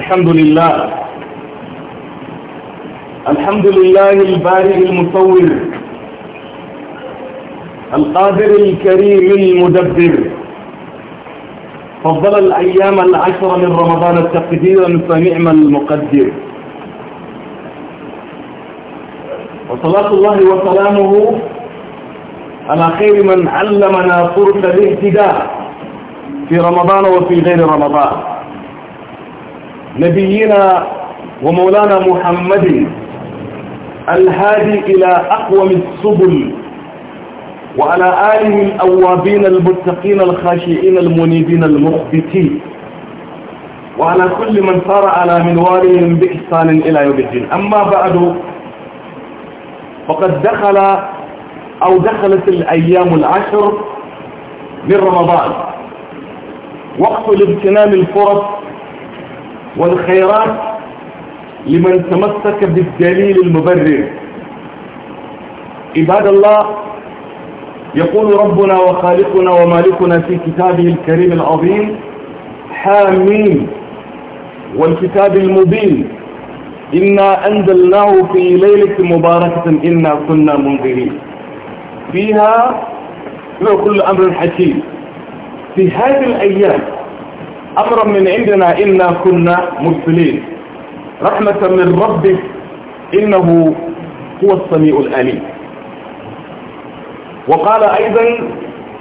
الحمد لله الحمد لله البارئ المصور القادر الكريم المدبر فضل الأيام العشر من رمضان تقديرا فنعم المقدر وصلاة الله وسلامه على خير من علمنا فرص الاهتداء في رمضان وفي غير رمضان نبينا ومولانا محمد الهادي إلى أقوم السبل وعلى آله الأوابين المتقين الخاشئين المنيبين المخبتين وعلى كل من صار على منوالهم بإحسان إلى يوم الدين أما بعد فقد دخل أو دخلت الأيام العشر من رمضان وقت لابتنام الفرص والخيرات لمن تمسك بالدليل المبرر عباد الله يقول ربنا وخالقنا ومالكنا في كتابه الكريم العظيم حامين والكتاب المبين إنا أنزلناه في ليلة مباركة إنا كنا منذرين فيها كل أمر حكيم في هذه الأيام أمرا من عندنا إنا كنا مرسلين رحمة من ربه إنه هو السميع الأليم وقال أيضا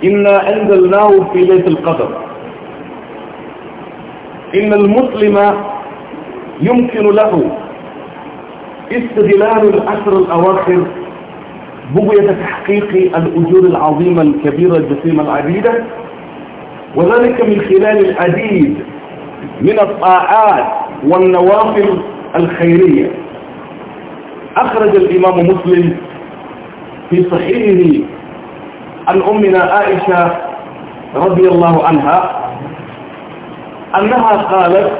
إنا أنزلناه في ليلة القدر إن المسلم يمكن له استغلال العشر الأواخر بغية تحقيق الأجور العظيمة الكبيرة الجسيمة العديدة وذلك من خلال العديد من الطاعات والنوافل الخيرية أخرج الإمام مسلم في صحيحه عن أمنا عائشة رضي الله عنها أنها قالت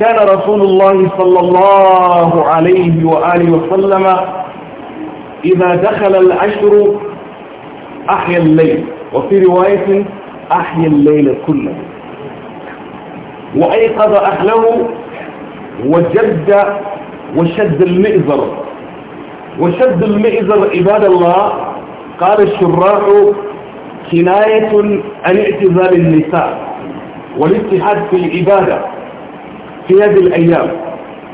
كان رسول الله صلى الله عليه وآله وسلم إذا دخل العشر أحيا الليل وفي رواية أحيا الليل كله وأيقظ أهله وجد وشد المئزر وشد المئزر عباد الله قال الشراح كناية عن اعتزال النساء والاتحاد في العبادة في هذه الأيام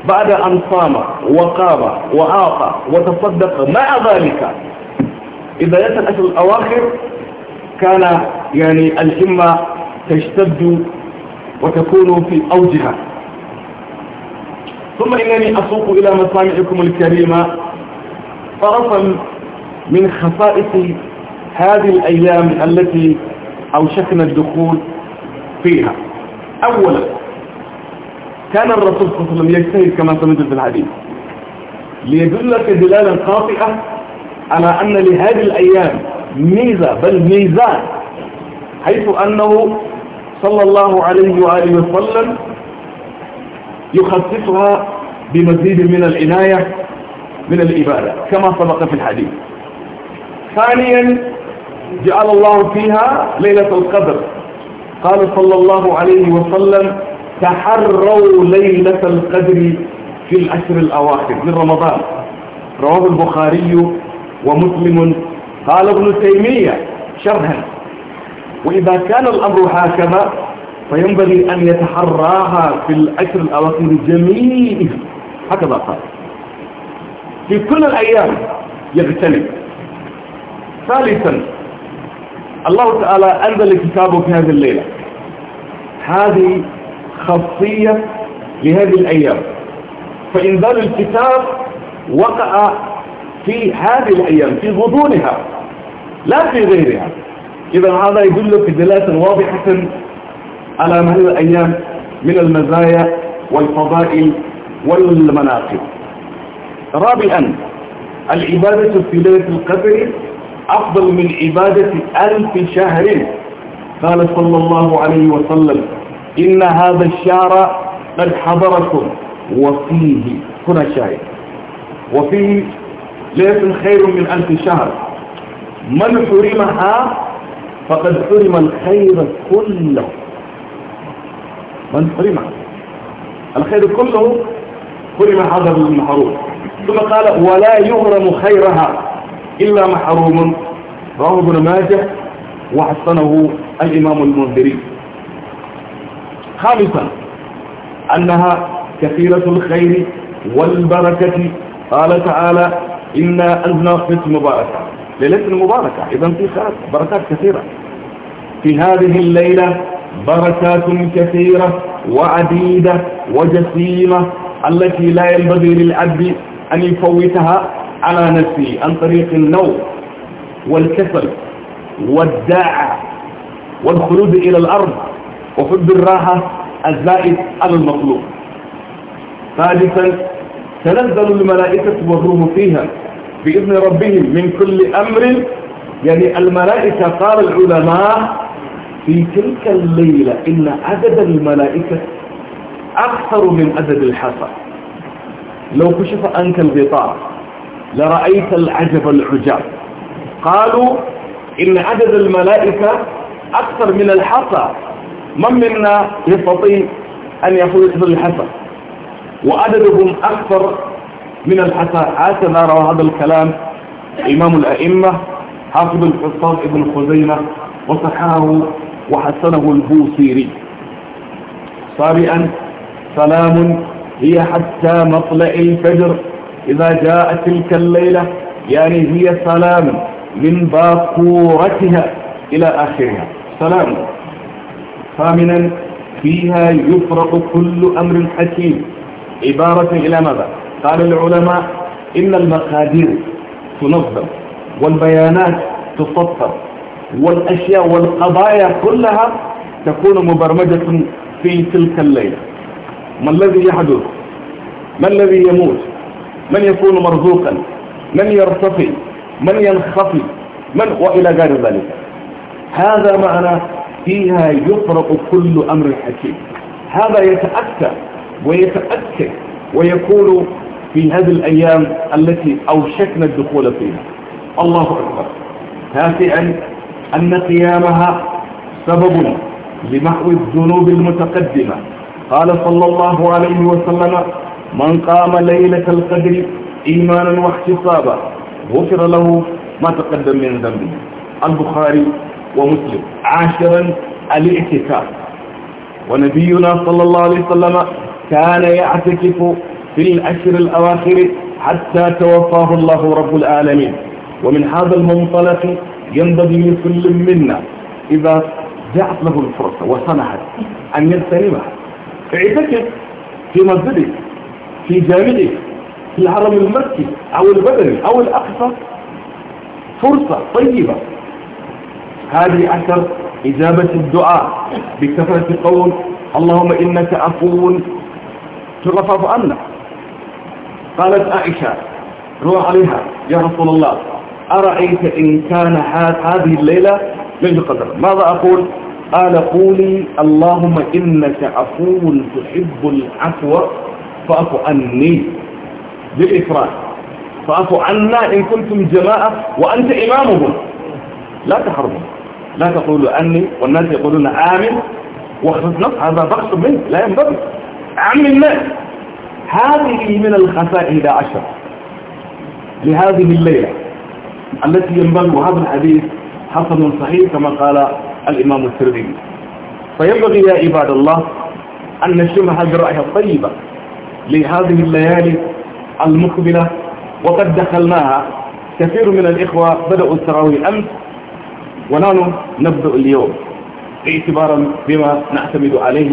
بعد أن صام وقام وعاق وتصدق مع ذلك إذا يصل الأواخر كان يعني الهمة تشتد وتكون في أوجها ثم إنني أسوق إلى مسامعكم الكريمة طرفا من خصائص هذه الأيام التي أوشكنا الدخول فيها أولا كان الرسول صلى الله عليه وسلم يجتهد كما سمعت في الحديث ليدلك دلالا قاطعة على أن لهذه الأيام ميزة بل ميزان حيث أنه صلى الله عليه وآله وسلم يخصصها بمزيد من العناية من الإبادة كما سبق في الحديث ثانيا جعل الله فيها ليلة القدر قال صلى الله عليه وسلم تحروا ليلة القدر في العشر الأواخر من رمضان رواه البخاري ومسلم قال ابن تيمية شرها وإذا كان الأمر هكذا فينبغي أن يتحراها في العشر الأواخر جميعها هكذا قال في كل الأيام يغتنم ثالثا الله تعالى أنزل كتابه في هذه الليلة هذه خاصية لهذه الأيام فإنزال الكتاب وقع في هذه الأيام في غضونها لا في غيرها إذا هذا يدل دلالة واضحة على ما هي الأيام من المزايا والفضائل والمناقب رابعا العبادة في ليلة القدر أفضل من عبادة ألف شهر قال صلى الله عليه وسلم إن هذا الشهر قد حضركم وفيه هنا شاهد وفيه ليلة خير من ألف شهر من حرمها فقد حرم الخير كله من حرم الخير كله حرم هذا المحروم ثم قال ولا يهرم خيرها إلا محروم رواه ابن ماجه وحسنه الإمام المنذري خامسا أنها كثيرة الخير والبركة قال تعالى إنا أنزلنا قسم مباركة ليلة المباركة إذا في خيرات بركات كثيرة في هذه الليلة بركات كثيرة وعديدة وجسيمة التي لا ينبغي للعبد أن يفوتها على نفسه عن طريق النوم والكسل والداعة والخلود إلى الأرض وحب الراحة الزائد على المطلوب ثالثا تنزل الملائكة والروح فيها بإذن ربهم من كل أمر يعني الملائكة قال العلماء في تلك الليلة إن عدد الملائكة أكثر من عدد الحصى لو كشف عنك الغطاء لرأيت العجب العجاب قالوا إن عدد الملائكة أكثر من الحصى من منا يستطيع أن يفوز الحصى وعددهم أكثر من الحساحات ما روى هذا الكلام إمام الأئمة حافظ الحصان ابن خزيمة وصححه وحسنه البوصيري سابعا سلام هي حتى مطلع الفجر إذا جاء تلك الليلة يعني هي سلام من باقورتها إلى آخرها سلام ثامنا فيها يفرق كل أمر حكيم عبارة إلى ماذا قال العلماء إن المقادير تنظم والبيانات تصفر والأشياء والقضايا كلها تكون مبرمجة في تلك الليلة ما الذي يحدث ما الذي يموت من يكون مرزوقا من يرتقي من ينخفي من وإلى غير ذلك هذا معنى فيها يطرق كل أمر حكيم هذا يتأكد ويتأكد ويكون في هذه الأيام التي أوشكنا الدخول فيها الله أكبر تاسعا أن قيامها سبب لمحو الذنوب المتقدمة قال صلى الله عليه وسلم من قام ليلة القدر إيمانا واحتسابا غفر له ما تقدم من ذنبه البخاري ومسلم عاشرا الاعتكاف ونبينا صلى الله عليه وسلم كان يعتكف في العشر الأواخر حتى توفاه الله رب العالمين ومن هذا المنطلق ينبغي لكل منا إذا جاءت له الفرصة وصنعت أن يغتنمها اعتكف في مسجدك في جامعك في الحرم المكي أو البدني أو الأقصى فرصة طيبة هذه أثر إجابة الدعاء بكثرة قول اللهم إنك عفو تغفف عنا قالت عائشة روح عليها يا رسول الله أرأيت إن كان هذه الليلة ليلة القدر ماذا أقول قال قولي اللهم إنك عفو تحب العفو فأفو عني بالإفراد فأفو عنا إن كنتم جماعة وأنت إمامهم لا تحرموا لا تقولوا أني والناس يقولون آمن واخفض نفس هذا بخص منه لا ينبغي عم الناس هذه من الخسائد عشر لهذه الليلة التي ينبغي هذا الحديث حسن صحيح كما قال الإمام الترمذي فينبغي يا عباد الله أن نشم هذه الرائحة الطيبة لهذه الليالي المقبلة وقد دخلناها كثير من الإخوة بدأوا التراويح أمس ونحن نبدأ اليوم اعتبارا بما نعتمد عليه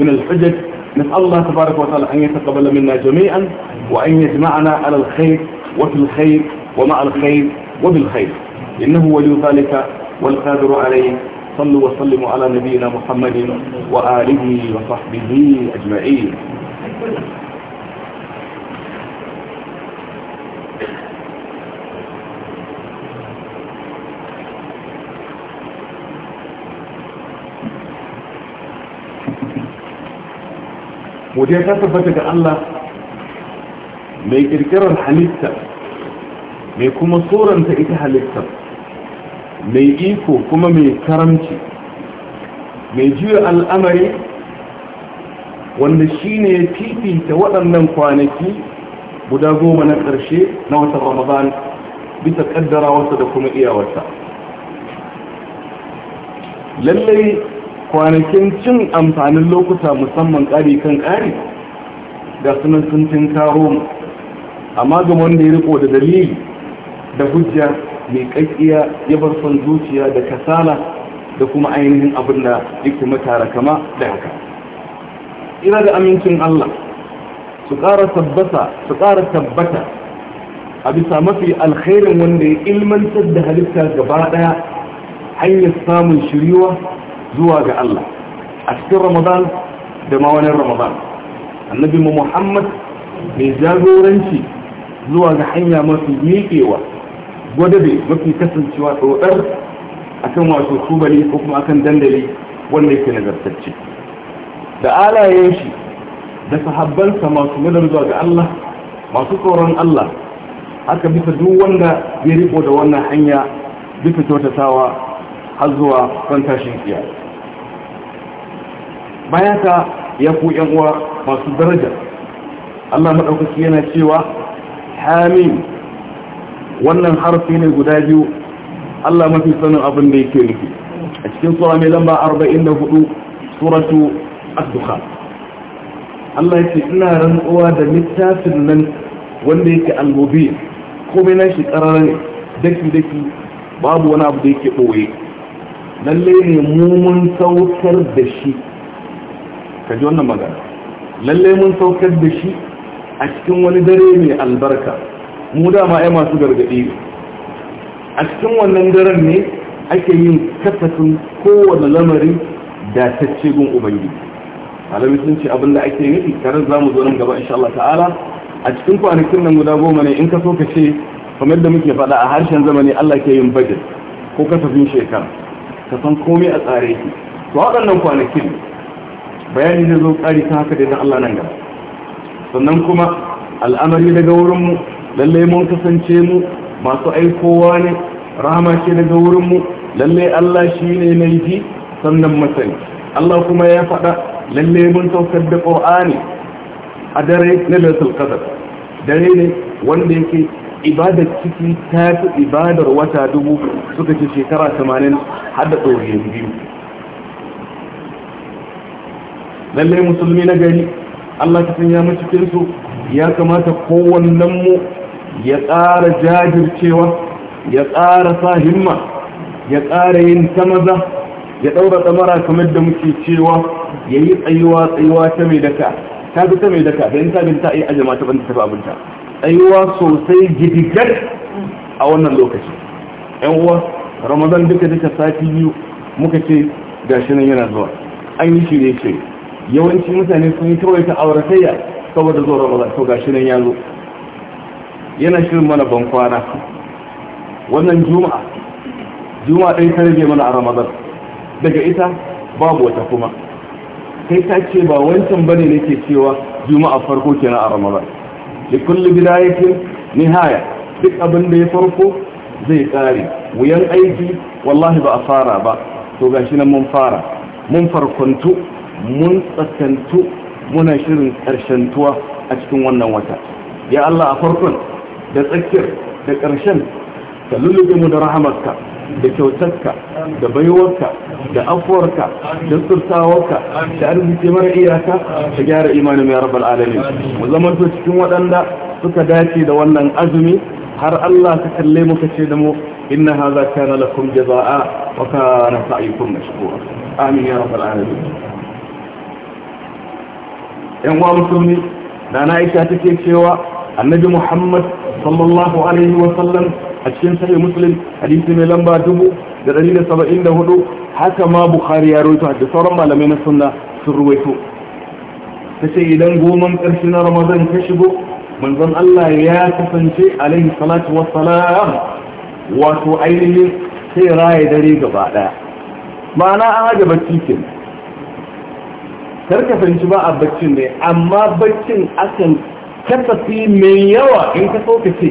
من الحجج نسأل الله تبارك وتعالى أن يتقبل منا جميعا وأن يجمعنا على الخير وفي الخير ومع الخير وبالخير إنه ولي ذلك والقادر عليه صلوا وسلموا على نبينا محمد وآله وصحبه أجمعين godiya ta tabbata ga Allah mai kirkirar halitta mai kuma tsoranta ita halitta mai iko kuma mai karamci mai juya al'amari wanda shi ne ya waɗannan kwanaki guda goma na ƙarshe na watan ramadan bisa ƙaddara da kuma iyawarta lallai kwanakin cin amfanin lokuta musamman ƙari kan ƙari da sunan sun tinkaro amma ga wanda ya riko da dalili da hujja mai kakkiya ya bar son zuciya da kasala da kuma ainihin abin da yake matara kama da haka ina da amincin Allah su ƙara tabbata su ƙara tabbata a bisa mafi alkhairin wanda ya ilmantar da halitta gaba ɗaya hanyar samun shiriwa zuwa ga Allah a cikin ramadan da ma wani ramadan annabi muhammad mai jagoranci zuwa ga hanya mafi miƙewa gwadabe mafi kasancewa tsotsar akan wato tubali ko kuma akan dandali wanda yake nagartacce da alayen shi da sahabbansa masu madar zuwa ga Allah masu tsoron Allah haka bisa duk wanda ya riko da wannan hanya bisa kyautatawa har zuwa kwantashin tashin bayan ka ya ku yan uwa masu daraja Allah madaukaki yana cewa hamim wannan harfi ne guda biyu Allah mafi sanin abin da yake nufi a cikin sura mai lamba 44 suratu ad-dukhan Allah ce ina rantsuwa da littafin nan wanda yake al-mubin komai na shi daki daki babu wani abu da yake ɓoye. lallai ne mu mun saukar da shi ka ji wannan magana lalle mun saukar da shi a cikin wani dare mai albarka mu dama ai masu gargaɗi a cikin wannan daren ne ake yin kasafin kowane lamari da ta ce gun ubangi malami sun ce abinda ake yi tare za mu zo nan gaba insha Allah ta'ala a cikin kwanakin nan guda goma ne in ka so ka ce kamar da muke faɗa a harshen zamani Allah ke yin budget ko kasafin shekara ka san komai a tsare ki to waɗannan kwanakin bayani zai zo tsari ta haka da Allah nan gaba sannan kuma al'amari daga wurinmu lallai mun kasance mu masu aikowa ne rahama ce daga wurinmu lallai Allah shi ne mai ji sannan masani Allah kuma ya faɗa lallai mun saukar da ƙur'ani a dare na da qadar dare ne wanda yake ibadar ciki ta fi ibadar wata dubu suka ce shekara 80 har da ɗoriyen biyu lallai musulmi na gari Allah ka sanya mu cikin su ya kamata kowannen mu ya ƙara jajircewa ya ƙara sa himma ya ƙara yin ta maza ya ɗaura tsamara kamar da muke cewa ya yi tsayuwa tsayuwa ta mai daka ta fi ta mai daka da yin ta binta a yi ajama ta banta ta abinta tsayuwa sosai gidigar a wannan lokaci yan uwa ramadan duka duka sati biyu muka ce gashi nan yana zuwa an yi shirye shirye yawanci mutane sun yi ta auratayya saboda zuwa ramadan to gashi nan ya zo yana shirin mana ban kwana wannan juma'a juma'a ɗaya ta rage mana a ramadan daga ita babu wata kuma kai ta ce ba wancan bane ke cewa juma'a farko kenan a ramadan da kullu bidayatin nihaya duk abin da ya farko zai kare. wuyan aiki wallahi ba a fara ba to gashi nan mun fara mun farkuntu mun tsakantu muna shirin tuwa a cikin wannan wata ya Allah a farkon da tsakiyar da ƙarshen ka lullube mu da rahamarka da kyautarka da baiwarka da afuwarka da surtawarka da arziki mara iyaka ta gyara imanin ya rabbal alamin mu zamanto cikin waɗanda suka dace da wannan azumi har Allah ka kalle mu ka ce da mu inna hadha kana lakum jazaa wa kana sa'ikum mashkura amin ya rabbal alamin yan uwa musulmi da na aisha take cewa annabi muhammad sallallahu alaihi wa sallam a cikin sahih muslim hadisi mai lamba dubu da dari da saba'in da hudu haka ma bukhari ya rawaito da sauran malamai na sunna sun rawaito ta ce idan goman ƙarshe na ramadan ta shigo manzon allah ya kasance alaihi salatu wassalam wato ainihin sai raya dare gaba ɗaya ma'ana an haɗa bacci kenan karka fahimci ba a baccin ne amma baccin akan kasafi mai yawa in ka so ka ce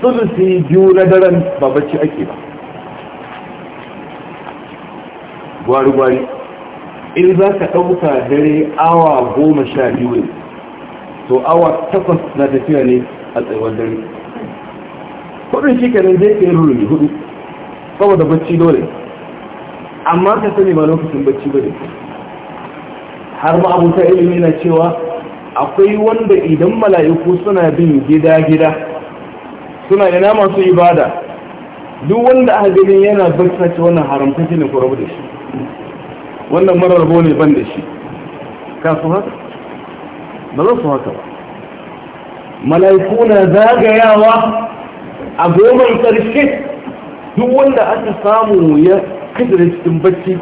sulusi biyu na daren ba bacci ake ba gwari-gwari in za ka ɗauka dare awa goma sha biyu ne to awa takwas na tafiya ne a tsayuwar dare kudin shi kanin zai ke rurumi hudu saboda bacci dole amma ka sani ba lokacin bacci ba ke har ma'abuta ilimi na cewa akwai wanda idan mala'iku suna bin gida-gida suna ina masu ibada duk wanda a gani yana barka ce wannan haramtaki ne ku rabu da shi wannan mararbo ne ban da shi ka su haka ba za su haka ba mala'iku na zagayawa a goman karshe duk wanda aka samu ya kasar cikin bacci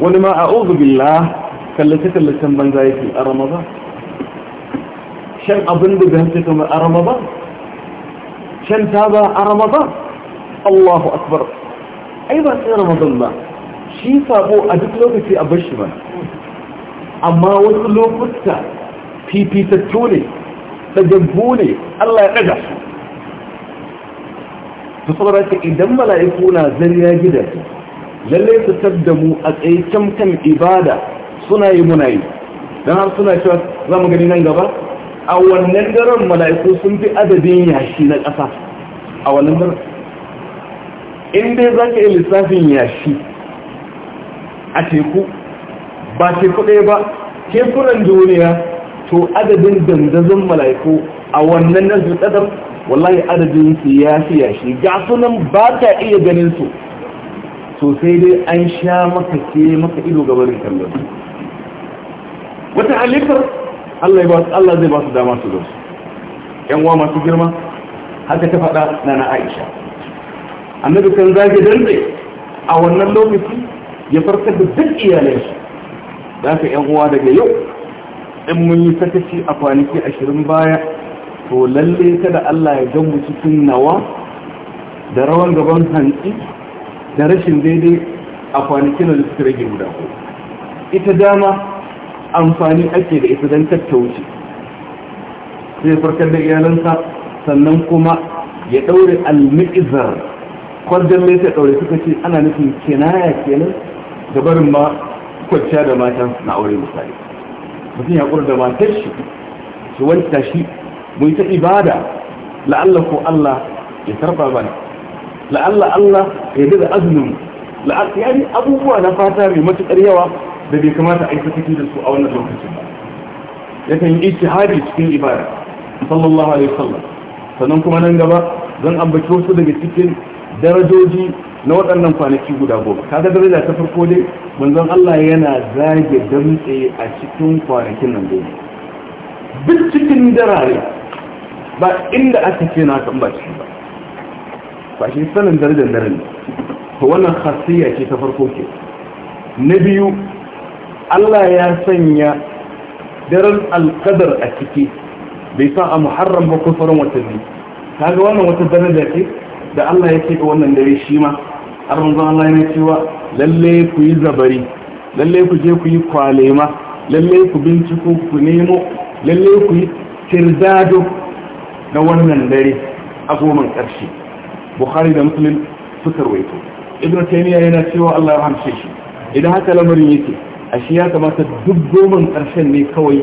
wani ma a billah kallace-kallacen banza yake a ramadan shan abin da gamsa kamar a ramadan shan taba a ramadan allahu akbar ai ba sai ramadan ba shi sabo a duk lokaci a bashi ba amma wasu lokuta fifitattu ne tajabbu ne allah ya ɗaga su su saboda ka idan mala'iku na zariya gida lallai su tabda mu a tsaye kan ibada suna yi muna yi don har suna cewa za mu gani nan gaba a wannan daren mala'iku sun fi adadin yashi na ƙasa a wannan daren in dai za ka yi lissafin yashi a teku ba teku ɗaya ba tekunan duniya to adadin dandazon mala'iku a wannan nazi ƙadar wallahi adadin su ya fi yashi ga sunan ba ta iya ganin su sosai dai an sha maka ke maka ido gabarin kallon su wata halittar Allah zai ba su dama su zo yan uwa masu girma haka ta faɗa na na Aisha annabi kan zage dande a wannan lokaci ya farkar da duk shi Za ka yan uwa daga yau in mun yi sakaci a kwanaki ashirin baya to lalle da Allah ya gan cikin nawa da rawan gaban hantsi da rashin daidai a kwanakin da suka rage guda ko ita dama amfani ake da ita don wuce. sai farkar da iyalansa sannan kuma ya ɗaure almizar kwarjan mai sai daure suka ce ana nufin kenaya kenan da barin ma kwanciya da matan na aure misali mutum ya ƙura da matar shi su wanta shi mu yi ta ibada la'alla ko Allah ya tarfa bani la'alla Allah ya da azumin la'alla yani abubuwa na fata mai matukar yawa da bai kamata a yi fatiki da su a wannan lokacin ba ya kan yi ijtihadi cikin ibada sallallahu alaihi wasallam sannan kuma nan gaba zan ambaci wasu daga cikin darajoji na waɗannan kwanaki guda goma kaga daraja ta farko dai manzon Allah yana zage damtse a cikin kwanakin nan goma duk cikin darare ba inda aka ce na kan ba cikin ba ba shi sanin darajar daren to wannan khasiyya ce ta farko ke na biyu Allah ya sanya daren alkadar a ciki bai sa a muharram ba kusurin watanni ga wannan wata daraja ce da Allah ya ce wannan dare shi ma har manzon Allah ya cewa lalle ku yi zabari lalle ku je ku yi kwalema lalle ku binciko ku nemo lalle ku yi tirdado na wannan dare a goma ƙarshe bukhari da muslim suka rawaito ibnu taymiya yana cewa Allah ya hamshe shi idan haka lamarin yake a shi ya kamata duk goman ƙarshen ne kawai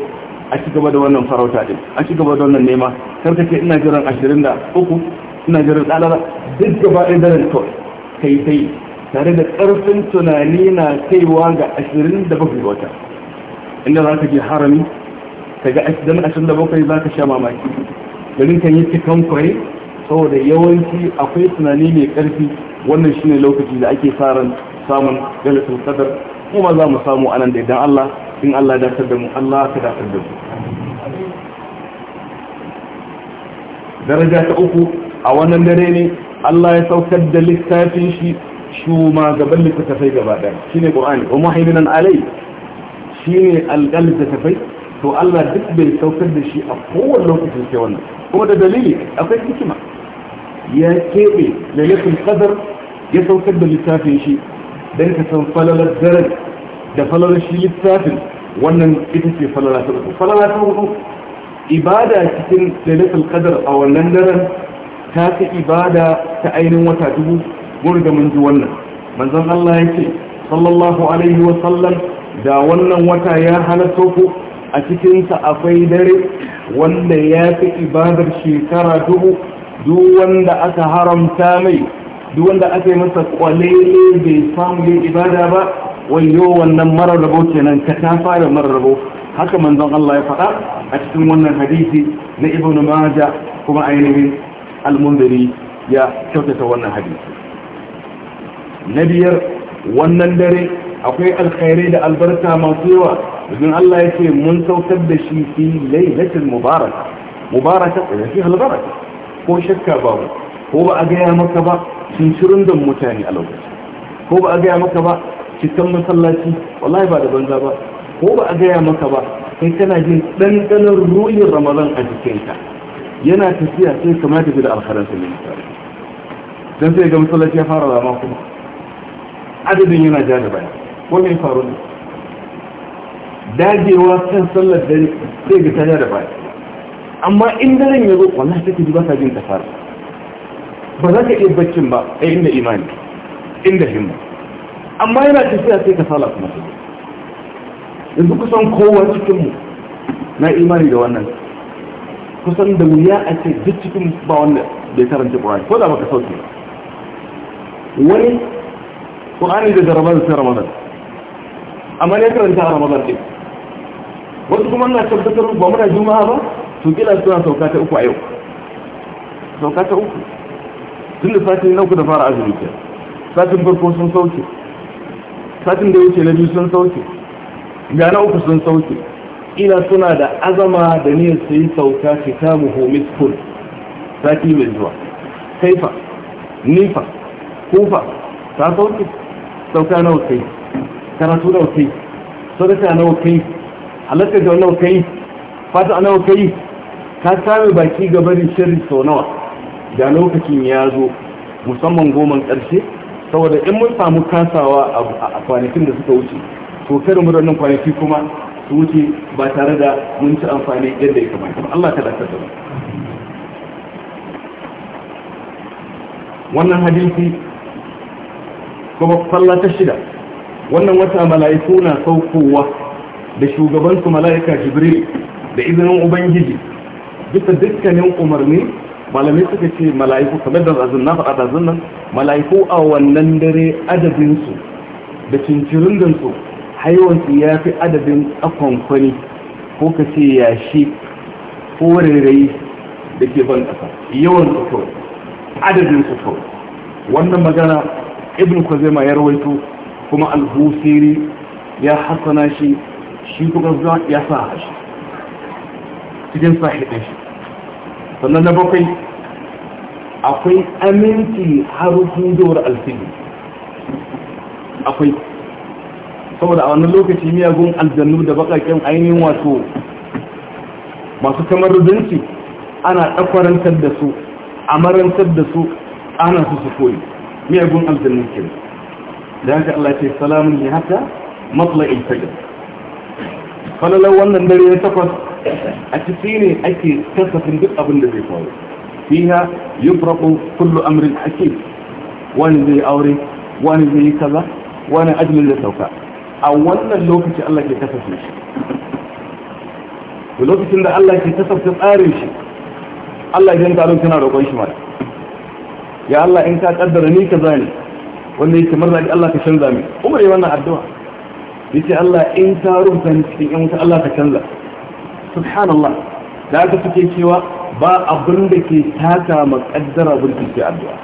a ci gaba da wannan farauta din a ci gaba da wannan nema kar ka ce ina jiran ashirin da uku ina jiran tsalara duk gaba ɗaya daren to kai kai tare da ƙarfin tunani na kaiwa ga ashirin da bakwai wata inda za ka je harami ka ga ashirin da bakwai za ka sha mamaki garin kan yi cikin kwari saboda yawanci akwai tunani mai ƙarfi wannan shine lokaci da ake sa ran samun galatin sadar kuma za mu samu anan da idan Allah in Allah ya dafar da mu Allah ka dafar da mu daraja ta uku a wannan dare ne Allah ya saukar da littafin shi shuma gaban littafai gaba ɗaya shine Qur'ani wa muhaiminan alai shine alqalb littafai to Allah duk bai saukar da shi a kowane lokacin sai wannan kuma da dalili akwai hikima ya keɓe lalatul qadar ya saukar da littafin shi don ka san falalar daren da falalar shi littafin wannan ita ce falala ta uku falala ta uku ibada cikin lailatul qadar a wannan daren ta fi ibada ta ainihin wata dubu mun ga mun ji wannan manzon Allah ya ce sallallahu alaihi wa sallam da wannan wata ya halatta ku a cikin sa akwai dare wanda ya fi ibadar shekara dubu duk wanda aka haramta mai duk wanda aka yi masa kwalele bai samu yin ibada ba wayo wannan marar rabo kenan ka ta fara marar rabo haka manzon Allah ya faɗa a cikin wannan hadisi na Ibn Majah kuma ainihin al ya kyautata wannan hadisi na biyar wannan dare akwai alkhairai da albarka masu yawa domin Allah ya ce mun saukar da shi fi lailatul mubarak mubaraka da fi albaraka ko shakka babu ko ba a gaya maka ba cincirin da mutane a lokaci ko ba a gaya maka ba cikin masallaci wallahi ba da banza ba ko ba a gaya maka ba sai kana jin ɗanɗanar ruhin ramadan a jikinka yana tafiya sai kama tafi da alkharar sa ne dan sai ga masallaci ya fara rama kuma adadin yana ja da baya ko me faru ne dagewa kan sallar dare sai ga ta ja da baya amma in daren ya zo wallahi take ji ba ka jin ta fara ba za ka iya baccin ba a inda imani inda himma amma yana tafiya sai ka sala kuma yanzu kusan kowa cikinmu na imani da wannan kusan da wuya a ce duk cikin ba wanda bai karanta ƙwari ko da baka sauke wani ƙwari da jarabar sai ramadan amma ne karanta a ramadan ɗin wasu kuma na tabbatar ba muna juma'a ba to gina suna sauka ta uku a yau sauka ta uku tun da satin na uku da fara azumi ke satin farko sun sauke satin da yake na biyu sun sauke ga na uku sun sauke ina suna da azama da niyyar su yi sauka kitabu homis kun sati mai zuwa kaifa nifa kufa ta sauke sauka nawa wakai karatu nawa wakai sadaka nawa wakai halatta da nawa wakai fata nawa wakai ka same baki gabarin shirin sau nawa da lokacin ya zo musamman goman ƙarshe saboda in mun samu kasawa a kwanakin da suka wuce to kada mu rannan kwanaki kuma su wuce ba tare da mun ci amfani yadda ya kamata Allah ka dakatar da mu wannan hadisi kuma sallah ta shida wannan wata mala'iku na saukowa da shugabansu mala'ika jibril da izinin ubangiji bisa dukkanin umarni malamai suka ce mala'iku kamar da zazun na faɗa zazun nan mala'iku a wannan dare adadinsu da cincirindinsu haiwansu ya fi adadin akwankwani ko ka ce yashi ko rairayi da ke ban ƙasa yawan su kawai adadin su kawai wannan magana ibn kwazema ya rawaito kuma alhusiri ya hasana shi shi kuma ya sa shi cikin sahihin shi sannan na bakwai akwai aminci harufin zuwar alfini akwai saboda a wannan lokaci miyagun aljannu da bakakken ainihin wato masu kamar rubinci ana ɗakwarantar da su a marantar da su ana su su koyi miyagun aljannu ke da haka Allah ce salamun ya haka matsala ilfajir falalar wannan dare ya takwas a ciki ne ake kasafin duk abin da zai faru fiha yufraqu kullu amrin hakim wani zai aure wani zai yi kaza wani ajalin da sauka a wannan lokaci Allah ke kasafin shi to lokacin da Allah ke kasafin tsarin shi Allah idan ka tana roƙon shi mai ya Allah in ka kaddara ni kaza ne wanda yake marza Allah ka canza min umar yi wannan addu'a yace Allah in ka rubuta ni cikin yan wuta Allah ka canza subhanallah da aka suke cewa ba abin da ke taka makaddara burki ke addu'a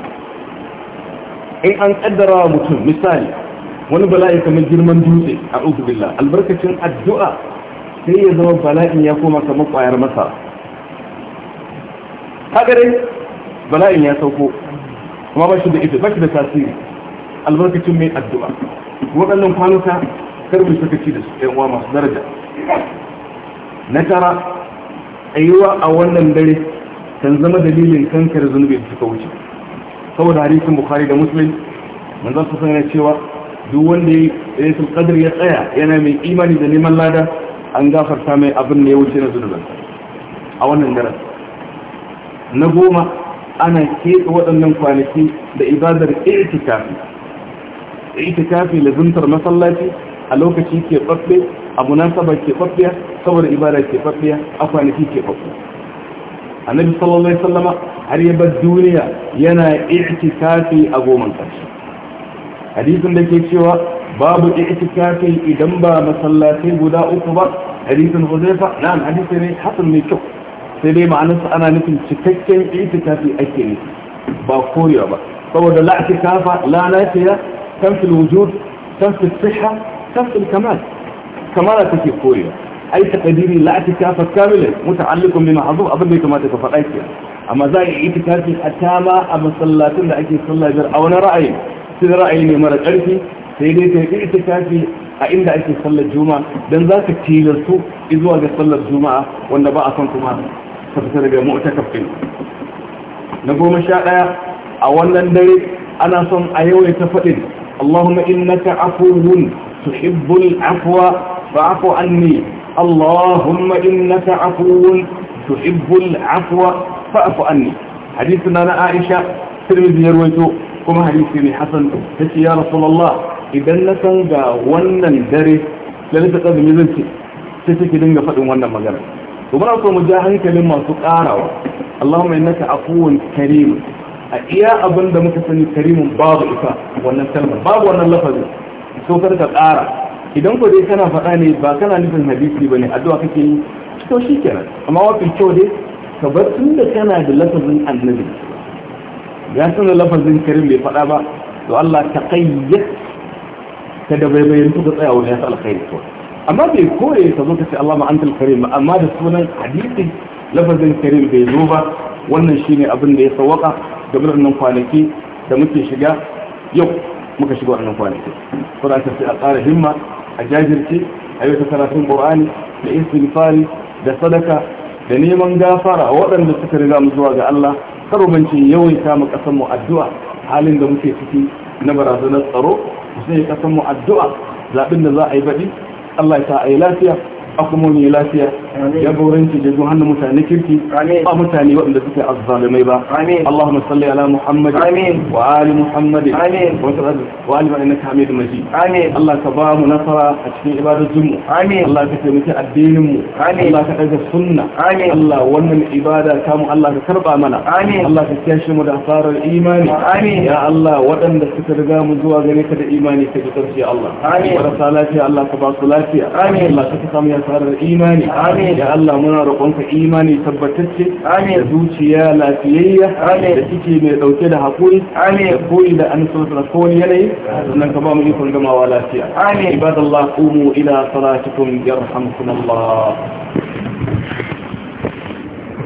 in an kaddara wa mutum misali wani bala'i kamar girman dutse a uzubillah albarkacin addu'a sai ya zama bala'in ya koma kamar kwayar masa hagare bala'in ya sauko kuma ba shi da ita ba shi da tasiri albarkacin mai addu'a waɗannan kwanuka karbi suka ci da su ɗan uwa masu daraja na tara a yi wa a wannan dare kan zama dalilin kankar zunubi da suka wuce saboda hadisin bukhari da muslim manzon su sanar cewa duk wanda ya yi Kadir ya tsaya yana mai imani da neman lada an gafarta mai abin da ya wuce na zunubin a wannan dare na goma ana keɓe waɗannan kwanaki da ibadar itikafi da zuntar masallaci a lokaci ke babbe a munasaba ke babbe saboda ibada ke babbe a kwanaki ke babbe annabi sallallahu alaihi wasallama har ya bar duniya yana i'tikafi a goman karshe hadisin da ke cewa babu i'tikafi idan ba masallatai guda uku ba hadisin huzaifa na'am hadisi ne hasan mai kyau sai dai ma'anarsa ana nufin cikakken i'tikafi ake nufi ba korewa ba saboda la'tikafa la nafiya kan fil wujud kan fil sihha نفس الكمال كمالة تكي كوريا أي تقديري لا اعتكافة كاملة متعلق بما حظوظ أظن بكما تكفقائك أما ذا اعتكافي أتاما أما صلاتين لأكي صلى جر أو أنا رأيي سيد رأيي لي مرد أرثي سيدي تهدي اعتكافي أين دا أكي صلى الجمعة دان ذاك تيلرسو إذ واجه صلى الجمعة والنباء صنتما فتسرق مؤتكفين نقوم الشاعر أولا دري أنا صن أيوة تفئل اللهم إنك عفو تحب العفو فاعف عني اللهم إنك عفو تحب العفو فاعف عني حديثنا أنا عائشة ترمذي يرويته كما حديثي من حسن تسي يا رسول الله إذا لكن وانا الدرس lalata ƙazumi zan ce sai take dinga faɗin wannan magana to muna so mu ja hankalin masu ƙarawa Allahumma innaka afuwun karim a iya abin da muka sani karimun babu wannan kalmar babu wannan so kar ka ƙara idan ko dai kana faɗa ne ba kana nufin hadisi ba ne addu'a kake yi to shi kenan amma mafi kyau dai ka bar tun da kana da lafazin annabi ya sanar lafazin karim bai faɗa ba to Allah ta kayyar ka da baibayin tuka tsaya wani ya sa alkhairi amma bai kore ka zo ka ce Allah ma'antar karim amma da sunan hadisi lafazin karim bai zo ba wannan shine abin da ya sawaka da nan kwanaki da muke shiga yau muka shigo wannan kwanaki ko da sai a tsara himma a jajirce a yi ta karatun qur'ani da istighfari da sadaka da neman gafara waɗanda suka riga mu zuwa ga Allah karubancin yawaita mu kasan mu addu'a halin da muke ciki na barazanar tsaro sai kasan mu addu'a zaɓen da za a yi baɗi Allah ya sa a yi lafiya a kuma yi lafiya jagoranci da zuwa hannun mutane kirki ba mutane waɗanda suke azzalumai ba Allahumma salli ala Muhammad wa ali Muhammad wa sallallahu wa ali innaka Hamid Majid Allah ka ba mu nasara a cikin ibadojin mu Allah ka taimaki addinin mu Allah ka daga sunna Allah wannan ibada ta mu Allah ka karba mana Allah ka kiyashe mu da asarar imani ya Allah waɗanda suka riga mu zuwa gare ka da imani ka ji ƙarshe Allah marasa lafiya Allah ka ba su lafiya Allah ka saka mu ya asarar imani ya Allah muna roƙonka imani tabbatacce amin zuciya lafiyayya amin da kike mai dauke da hakuri amin da koyi da an so da yanayi sannan ka ba mu ikon gamawa lafiya amin ibadallah qumu ila salatikum yarhamkumullah